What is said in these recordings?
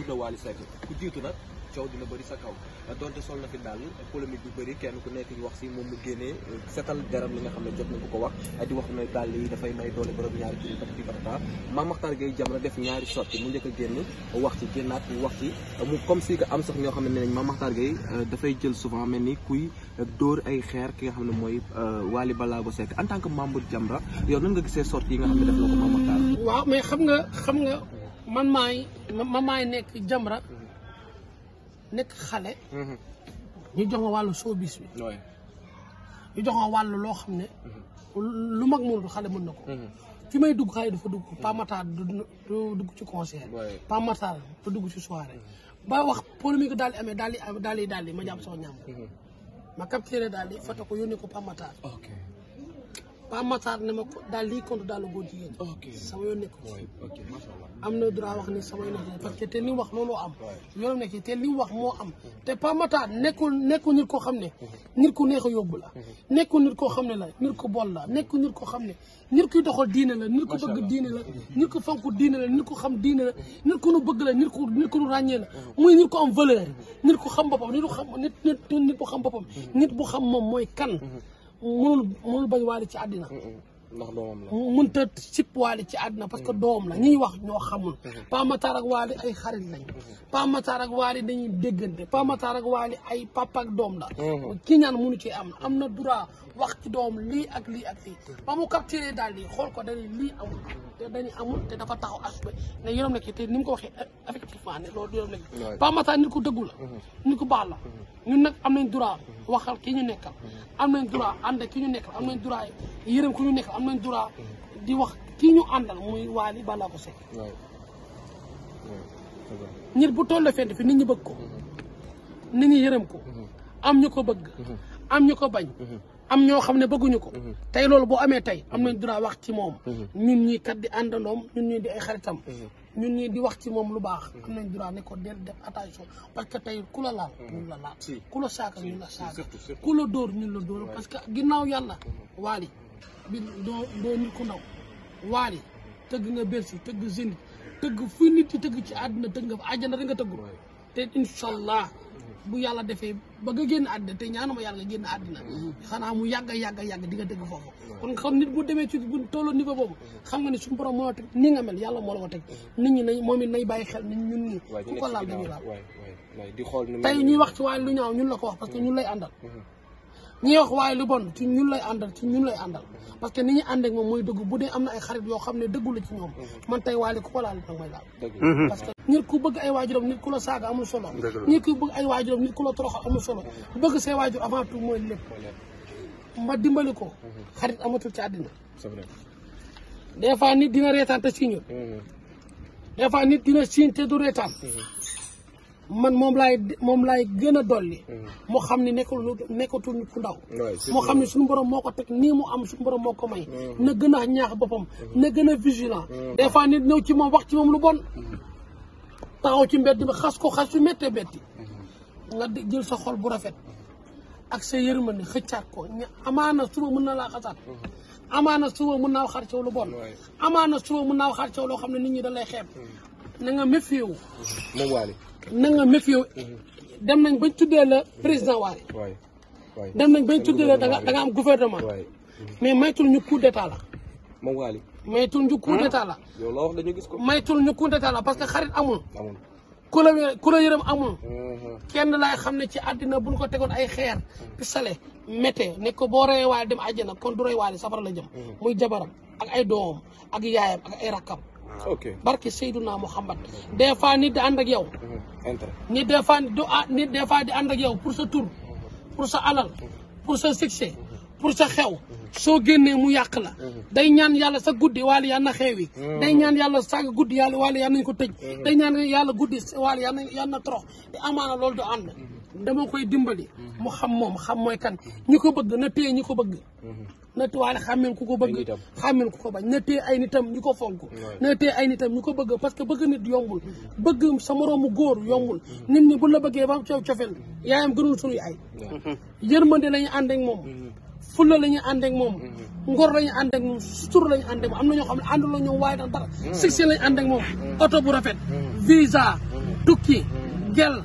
discours de Wally Seck ku jiitu nag coow dina bëri sa kaw donte sol na fi daal polémique bi bëri kenn ku nekk di wax si moom mu génnee euh, setal garam li ñaari kii patati mu njëkk a génn wax ci génnaat ci mu am sax ñoo xam ne nañ Mame Makhtar euh, dafay jël souvent mel ni kuy euh, dóor ay xeer ki nga xam ne mooy Wally Ballago Seck en tant que membre yow nan nga gisee sorti yi nga xam ne def na ko Mame waaw mais xam nga xam nga man maay man maay nekk Jamra nekk xale. Mhm. ñu jox ma wàllu showbiz bi. ñu jox ma wàllu loo xam ne. lu mag mënul xale mën na ko. Mhm. fi may dugg xale dafa dugg Pa Matar du dugg ci concert. Pa Matar du dugg ci soirée. ba wax polémique daal di amee daal di daal di daal di ma jàpp soo ñaam. Mhm. ma capturé daal di foto ko yónnee ko Pa Pape Matar ne ma daal lii compte daal la góor jigéen. ok sama yoon nekkul ci. ok macha allah wax ni sama yoon nekkul parce que te li mu wax looloo am. yoonam nekk te li mu wax moo am. te Pape Matar nekkul nekkul nit koo xam ne. nit ku neex a yóbbu la. nekkul nit koo xam ne la ko ku bon la koo xam ne nit kuy doxal diine la. nit ku bëgg diine la nit ku fonk diine la nit ku xam diine la nit ku nu bëgg la nit ku nit ku nu ràññee la. muy nit ku am valeur nit ku xam boppam nit ku xam nit nit nit ku nit bu xam moom mooy kan. mënul mënul bañ waali ci àddina ndax doomam la mënta sip waali ci àdduna parce que mm. doom la ñuy wax ñoo xamul mm-hmm. Pa Matar ak waali ay xarit lañ mm-hmm. Pa Matar ak waali dañuy déggante Pa Matar ak waali ay papa ak doom la mm-hmm. ki ñaan mënu ci am am na droit wax ci doom lii ak lii ak lii ba mu capturé daal lii xool ko dañuy lii amul te dañuy amul te dafa taxaw asbe ne yorom la ki te ni mu ko waxee eh, effectivement ne loolu yorom la ki Pa Matar nit ku dëggu nit ku baax la ñu nag am nañ droit waxal ki ñu nekkal am nañ droit ànd ki ñu nekkal am nañ droit yërëm ku ñu nekkal am nañ droit di wax kii ñu àndal muy balaa ko Seck nit bu toll fent fi nit ñu bëgg ko mm-hmm. nit ñi yërëm ko mm-hmm. am ñu ko bëgg mm-hmm. am ñu ko bañ am ñoo xam ne bëgguñu ko tey loolu boo amee tey am nañ droit wax ci moom ñun ñi kat di àndandoom ñun ñi di ay xaritam ñun ñi di wax ci moom lu baax am nañ droit ne ko del def attention parce que tey ku la laal la ku la saaka ñun la saaka ku la dóor ñun la dóor parce que ginnaaw yàlla waali bi doo doo nit ku ndaw waali tëgg nga Bercy tëgg Zénith tëgg fu nit yi tëgg ci àdduna tëgg nga fa àjjana da nga tëggul te incha allah bu yàlla defee ba nga génn àddina te ñaanuma yàlla nga génn àddina mm-hmm. xanaa mu yàgg a yàgg a yàgg nga dëgg foofu kon xam nit bu demee ci bu tolloo niveau boobu mm-hmm. xam nga ne suñu borom moo teg ni nga mel yàlla moo la ko teg mm-hmm. nit ñi nañ moom it nañ bàyyi xel nit ñun ñi ko laal dañuy laal tey ñuy wax ci waaye lu ko wax parce que ñun lay àndal ñi wax waaye lu bon ci ñun lay àndal ci ñun lay àndal parce que ni ñu ànd ak moom mooy dëgg bu dee am na ay xarit yoo xam ne dëggu la ci ñoom mhm. man tey waali ku ko laal nag mooy daal parce que nit ku bëgg ay waajuram nit ku la saaga amul solo nit ku bëgg ay waajuram nit ku la toroxal amul solo mhm. bëgg say waajur avant tout mooy lépp ma dimbali ko mhm. xarit amatul ci àddina des fois nit dina reetaan te siiñul des fois nit dina siiñ te du reetaan man moom laay moom laay gën a dolli. Hmm. moo xam ne nekkul nekkatul nit ku ndaw. moo xam ne suñu borom moo ko teg nii mu am suñu borom moo ko may. Hmm. na gën a ñaax boppam. Hmm. na gën a vigilant. des fois nit ñëw ci moom wax ci moom lu bon. taxaw ci mbedd bi xas ko xas yu méttee métti. nga jël sa xol bu rafet. ak sa yërmande xëccaat ko ña amaana suba mën na laa xasaat. amaana suba mën naa waxaat caw lu bon. amaana suba mën naa waxaat caw loo xam ne nit ñi dalay lay xeeb. na nga na nga méfio nañ bañ tuddee la président Wari dem nañ bañ tuddee la da nga da nga am mais maytul ñu coup d'état la moom Wali maytul ñu coup d'état la yow dañu gis ko maytul ñu coup d'état parce que xarit amul ku la ku la yërëm amul kenn laay xam ne ci àddina buñ ko tegoon ay xeer pisale mété nekk boo rey waale dem àjjana kon du rey waale safara la jëm muy jabaram ak ay doomam ak yaayam ak ay rakkam ok barke Seydouna Mouhamad des fois nit di ànd ak yow. Mhm. nit des fois du ah, nit des fois di ànd ak yow pour sa tur pour sa alal pour sa succès pour sa xew soo génnee mu yàq la mhm. day ñaan yàlla sa guddi waal yàlla na xeewi mhm. day ñaan yàlla sa guddi yàlla waale yàlla nañ ko tëj day ñaan yàlla guddi waale yàlla na yàlla na trop te amaana loolu du ànd dama koy dimbali mu xam moom xam mooy kan ñi ko bëgg na téye ñi ko bëgg na tuwaale xàmmeel ku ko bëgg xàmmeel ku ko bañ na téye ay nitam ñu ko fonk na téye ay nitam ñu ko bëgg parce que bëgg nit yombul bëgg sa moroomu góor yombul nit ñi bu la bëggee ba coow cofeel yaayam gënul suñuy ay yërmande la ñu ànd ak moom mm-hmm. fulla la ñu ànd ak moom mm-hmm. ngor la ñu ànd ak moom sutur la ñu ànd am na ñoo xam ne àndul la ñoom waaye tax dara mm-hmm. succès la ñu moom oto bu rafet visa tukki gel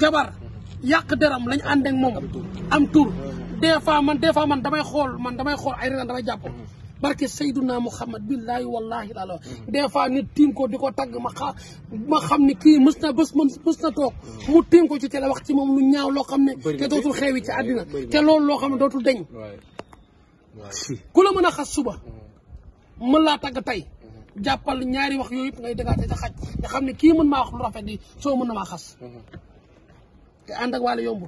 jabar yàq deram la ñu ànd ak moom am tur des fois man des fois man damay xool man damay xool ay reetaan damay jàpp barke Seydina Muhammad billaahi wallaahi laala mm. des fois nit tiim ko di ko tagg ma xa ma xam ni kii mës na bés mën mës na toog mm. mu tiim ko ci télé wax ci moom lu ñaaw loo xam ne te dootul xewi ci àddina te loolu loo xam ne dootul deñ ku la mën a xas suba mm. mën laa tagg tey mm-hmm. jàppal ñaari wax yooyu yëpp ngay déggaate sa xaj nga xam ne kii mën maa wax lu rafet di soo mën na maa xas mm-hmm. te ànd ak wàllu yombu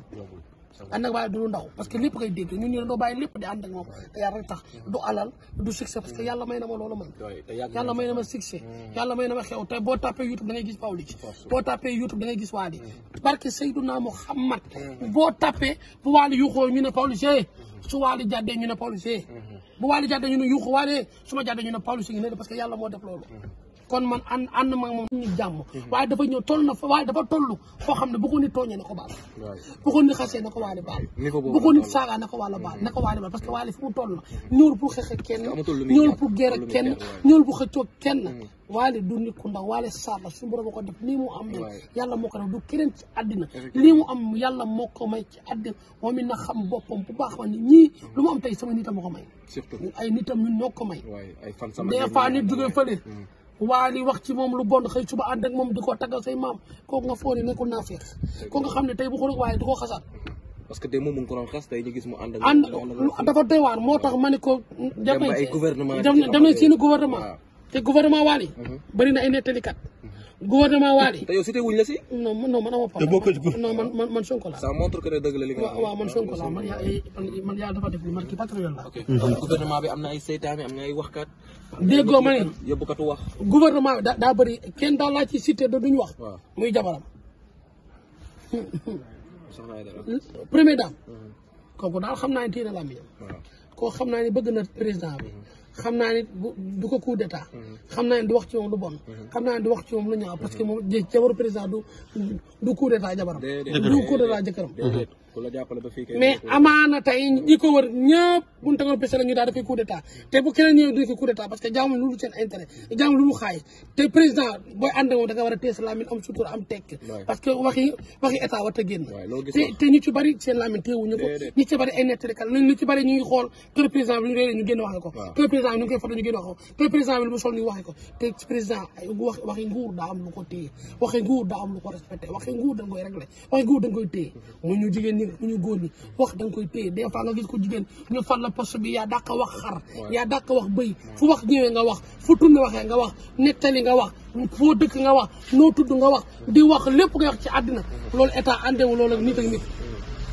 ànd ak bàyyi du lu ndaw parce que lépp ngay dégg ñun ñu ne doo bàyyi lépp di ànd ak moom te yàlla rek tax du alal du succès parce que yàlla may na ma loolu man yàlla may na ma succès mm. yàlla may na ma xew tey boo tapé youtube da ngay gis Pawlish boo tapé youtube da ngay gis mm. barke Seydina Muhammad mm. boo tapé bu Wally yuuxoo ñu ne Pawlish eh, su Wally jàddee ñu ne Pawlish eh. mm-hmm. bu Wally jàddee ñu ne yuuxoo Wally eh, su ma jàddee ñu ne Pawlish ngi ne parce que yàlla moo def loolu mm-hmm. kon man ànd ànd ma moom ñu jàmm waaye dafa ñëw toll na waaye dafa toll foo xam ne bu ko nit tooñee na ko baal bu ko nit xasee na ko waale baal bu ko nit saagaa na ko waale baal na ko waale baal parce que waale fu mu toll na ñëwul pour xeex ak mm. nit la suñu ko def lii mu am na yàlla moo ko mu am yàlla moo ko may ci àddina moom na xam boppam bu ni ñii mm. lu mu am nitam ma ko may surtout ay nitam ñun ñoo ko may des fois nit jógee fële mm. waali wax ci moom lu bon xëy suba ànd ak moom di ko taggal say maam kooku nga foo nekkul naa feex ko nga xam ne tey bu xuloo waaye di ko xasaat parce que tey moom mu ngi ko doon xas tey gis mu ànd ak ànd dafa doy waar moo tax ma ne ko dem nañ dem nañ seeni gouvernement te gouvernement waali mhm. bëri na ay nettalikat gouvernement Wali. te yow cité wuñ la si. non man non man amoo problème. te bokkul ci non man man man Sonko la. ça montre que ne dëgg la li nga. man Sonko la man yaa man yaa dafa def man kii la. ok gouvernement bi am na ay seytaane am na ay waxkat. déggoo wax. gouvernement bi daa bëri kenn daal laa ci cité da duñ wax. muy jabaram. premier dame. Mm-hmm. kooku daal xam naa ne a na laa muy koo xam naa ne bëgg na président bi. Mm-hmm. xam naa ne du ko coup d'état mm-hmm. xam naa ni du wax ci moom lu bon mm-hmm. xam naa ni du wax ci moom lu ñaaw parce que moom jabaru président du du coup d'état jabaram du coup d'état jëkkëram mais amaana tey ñi ko wër ñëpp ñu te bu a téye sa laamin am lu ko que waxe nguur daa am lu ko téye waxi nguur daa am lu ko téye mu ñu jigéen ni la bu ñu góor ñi wax da nga koy téye des fois nga gis ko jigéen ñu fal la poste bi yaa dàq wax xar yaa dàq wax bëy fu wax ñëwee nga wax fu tourné waxee nga wax nettali nga wax foo dëkk nga wax noo tudd nga wax di wax lépp nga wax ci àddina loolu état àndewu loolu ak nit ak nit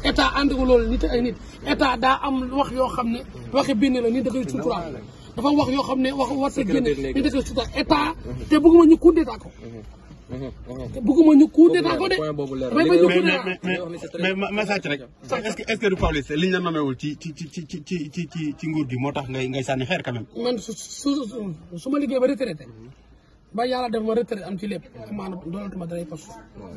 état àndewu loolu nit ak nit état daa am wax yoo xam ne waxe benn la nit da koy suturaal dafa wax yoo xam ne wax war sa génne nit da koy suturaal état te bëgguma ñu kundee taa ko mhm. te mm-hmm. bëgguma ñu ku ne daa ko de. mais mais mais sàcc rek. est-ce que est-ce que du liñ la nomewul ci ci nguur gi moo tax ngay ngay sànni xeer man su su su ma liggéey ba retraité ba yàlla def ma retraité am ci lépp amaana doolatuma dalay poste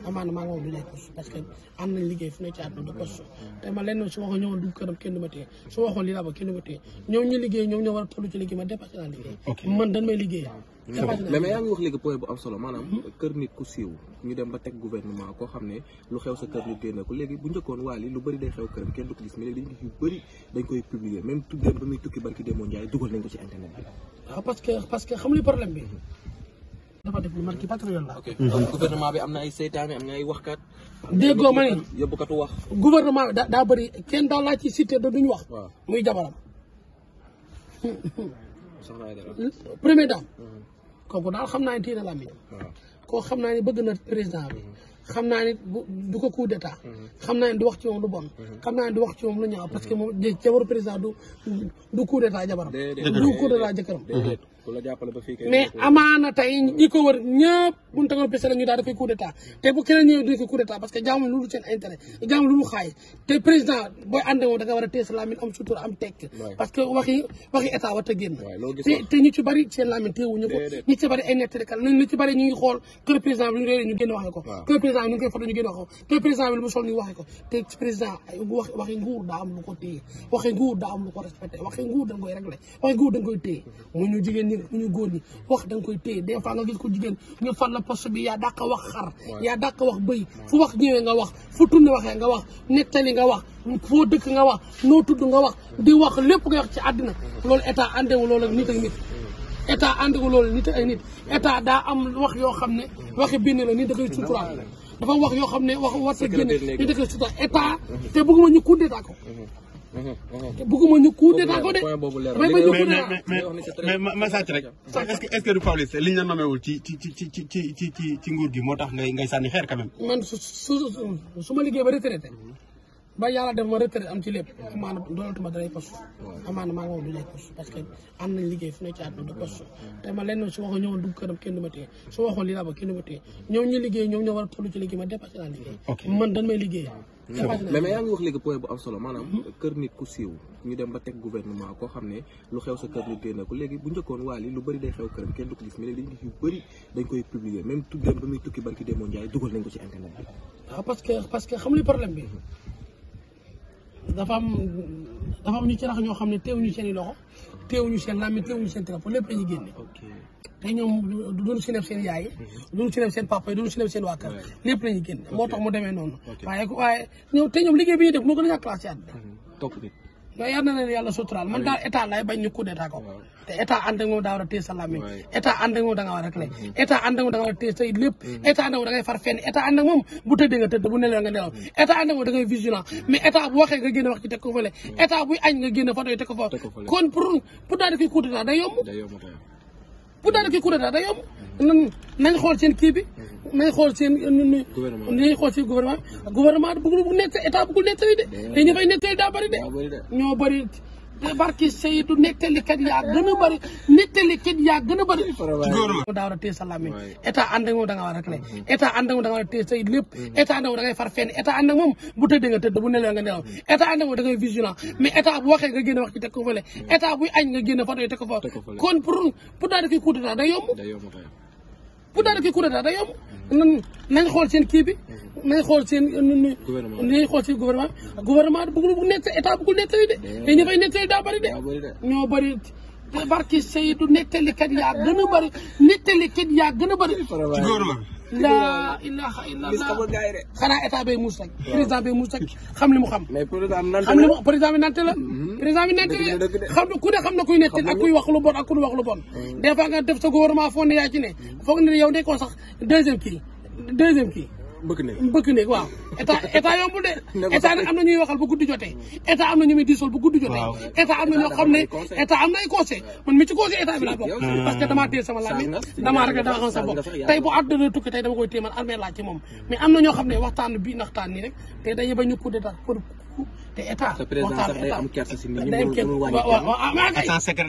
amaana maa ngi wax du lay poste parce que am nañ liggéey fu ne ci àdduna du poste te ma lenn su ma liggéey man dañ may liggéey mais mais yaa ngi wax léegi point bu am solo maanaam kër nit ku siiw ñu dem ba teg gouvernement koo xam ne lu xew sa kër nit génne ko léegi bu njëkkoon waa li lu bëri day xew këram kenn du ko gis mais léegi dañu gis yu bëri dañ koy ba muy tukki barki Demba Ndiaye dugal nañ ko ci internet bi ah, que xam li problème bi dafa def lu man la gouvernement bi am na ay seytaane am na ay waxkat déggoo ma ne yóbbukatu wax gouvernement bi daa bëri kenn daal laa ci cité da duñu wax muy jabaram premier dame mm-hmm. kooku daal xam naa ne téye na làmmiñ koo xam naa ne bëgg na président bi mm-hmm. xam naa ne du ko coup d'état mhm. xam naa ne du wax ci moom mhm. du wax parce que moom jabaru président du du coup d'état jabaram du coup d'état jëkkëram mais amaana tey ñi ko wër ñëpp buñ tagoon ko parce que jaamu loolu seen intérêt jaamu loolu xaay te président booy ànd moom da war a téye sa am sutura am tekk parce que waxi waxi état a génn te te ci bari seen laamin téewuñu ko ñu ci bari ay nettali kan ñu ci bari ñu xool kër président ñu génn wax président yi ñu ngi koy foto ñu génne ko te président bi lu mu sol nii waxee ko te président wax waxi nguur daa am lu ko téye waxi nguur daa am lu ko respecté waxi nguur dañ koy réglé waxi nguur dañ koy téye mu ñu jigéen ñi mu ñu góor ñi wax dañ koy téye des fois nga gis ko jigéen ñu fan la poste bi yaa dàq wax xar yaa dàq wax bëy fu wax ñëwee nga wax fu tunne waxee nga wax nettali nga wax foo dëkk nga wax noo tudd nga wax di wax lépp nga wax ci àddina loolu état àndewu loolu ak nit ak nit état àndewu loolu nit ak nit état daa am wax yoo xam ne waxi benn la nit da koy suturaal dafa wax yoo xam ne wax war ta génne ñu dëkk si tax état te bëgguma ñu coup d'état ko mhm. Mhm. Mhm. te bëgguma ñu ko de damay bañ ñu coup d'état mais ma sàcc rek est-ce que est-ce que du Pawlish liñ la ci ci ci ci ci ci ci nguur gi moo tax ngay ngay sànni xeer quand même man su su su ma liggéey ba retraité ba yàlla def ma retraite am ci lépp amaana doolatuma danay poste amaana maa ngi wax du lay am nañ ma lenn su waxoon ñëwoon dugg këram ku siiw ñu dem ba teg gouvernement koo xam ne lu xew sa kër nit génne ko léegi bu njëkkoon waa li lu bëri day xew këram kenn du ko gis mais léegi dañ koy publier même tuddeen ba muy tukki barki demoo Njaay dugal nañ ko ci internet bi ah, parce que xam li problème bi hmm. dafa am dafa am ñu ci rax ñoo xam ne teewuñu seen i loxo teewuñu seen làmmiñ teewuñu seen téléphone lépp lañuy génne te ñoom duñu si def seen yaay mhm. duñu si seen papa yi duñu si seen waa kër lépp lañuy génne moo tax mu demee noonu waaye waaye ñoom te ñoom liggéey bi ñuy def moo gën a ñàkk classe ci àddina mhm. non yal na leen yàlla suturaal man daal état lay bañ ñu coup d'état ko te état moom daa war a téye sa làmmiñ état ànd moom da war a réglé a téye say lépp moom da far fenn état ànd moom bu tëddee nga tëdd bu nelaw nga nelaw état ànd moom da ngay mais état bu waxee nga génn wax ci teg ko fële état buy añ nga génn photo yi teg fa kon pour pour daal di koy coup day yomb pour daal di koy coup d'état day yomb nañ xool seen kii bi nañ xool seen nu nañ xool seen gouvernement gouvernement bu bu nekk état bu ko nettali de te ñu daa bëri de ñoo bëri a bëri a daa war a téye sa làmmiñ état moom da war a réglé état ànd ak moom da nga war a lépp mm-hmm. état ànd wax ci teg ko fële mm-hmm. état buy añ nga génn photo yi teg fa kon pour pour daal koy coup d'état yomb bu daal di coup d'état day am nañ xool seen kii bi nañ xool seen. gouvernement nañ xool seen gouvernement gouvernement bëggul bu nekk état bëggul nettali de. te ñi fay nettali daa bëri de. ñoo bëri barki Seydou nettalikat yaa gën a bëri nettalikat yaa gën a bëri. ci gouvernement bi. laa ilaha illallah xanaa état bay muus rek président bay muus xam li mu xam xam li mu président bi nante la mm-hmm. président bi nante la ku ne xam na kuy netti ak kuy wax lu bon ak kuy wax lu bon mm. des fois nga def sa gouvernement foo ne yaa ci ne mm. foog ne yow nekkoo sax deuxième kii deuxième kii bëgg néeg bëgg état état yombul de état nag am na ñuy waxal bu guddi jotee état am na ñu muy bu guddi jotee état am na ñoo xam ne état am nay conseil xam sa bopp tey bu àdduna tukki tey dama koy téemal armée laaj moom mais am na ñoo xam ne waxtaan bii naxtaan nii rek tey dañuy bañ ñu coup d'état pour te état waxtaan état am kersa si lépp day am état secret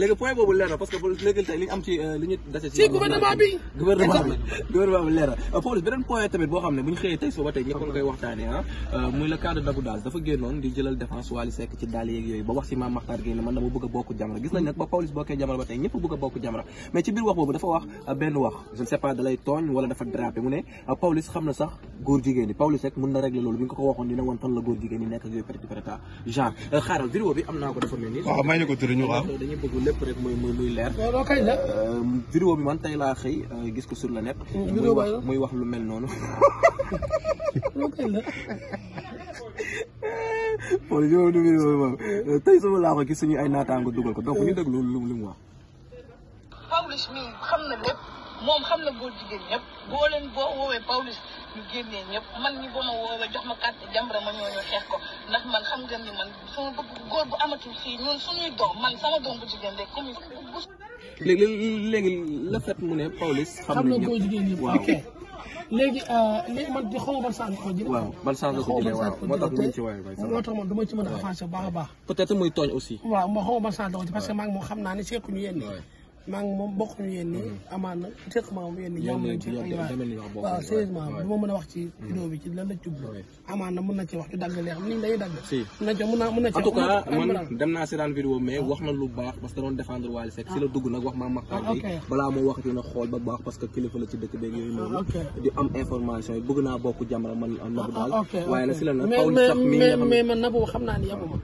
léegi point boobu leer parce que léegi tey li ñu am ci euh, li ñu dase bi gouvernement bi leeral euh, Pawlish beneen point tamit boo xam ne ah, euh, muy le cas de Dabou Dash dafa génnoon jëlal défense Wally Seck ci daal yeeg ba wax si Mame Makhtar man dama bëgg a bokk Jamra gis euh, mu ne Pawlish xam na sax góor jigéen yi rek mën na régler loolu bi nga ko waxoon dina woon la góor jigéen nekk ak yooyu petit préta xaaral vidéo bi am naa ko dafa mel ni waaw may ñu ko tëri ñu waaw dañuy bëgg lépp rek muy muy leer vidéo bi man tey yi euh, gis ko sur le net. Mm-hmm. muy wax muy wax lu mel noonu. bon yow moom euh, tey sama laa ko gis suñu ay naataango dugal ko donc ñu déglu lu lu wax. Pawlish mi xam na lépp moom xam na góor jigéen ñëpp man ñi boo ma woowee jox ma carte jàmbur ma ñoo xeex ko ndax man xam nga ni man sama bëgg góor bu amatul fii ñun suñuy doom man sama doom bu jigéen rek comme léegi léegi la mu ne Pawlish xam na góor jigéen ñi waaw léegi euh, léegi man di xaw ma ban sens ko jëlee waaw waaw moo tax duñ ci waaye moo tax man dama ci mën a avancé bu baax a baax peut-être muy tooñ aussi ma ban sens ko parce maa ngi moom bokkuñu yéen ni mm-hmm. amaan na sequma moom yéen ni ñamuñ ci waaw sérieusement du ma mën a wax ci mm-hmm. vidéo la jublu amaan na mën ah. wax ci na lu baax parce que doon défendre Wally Seck si ah, xool ba baax parce que kilifa la ci dëkk beeg yooyu noonu ah, di am information yi bëgg naa bokk Jamra man nabu daal waaye nag si la nag mais man nabu xam naa ni yabuma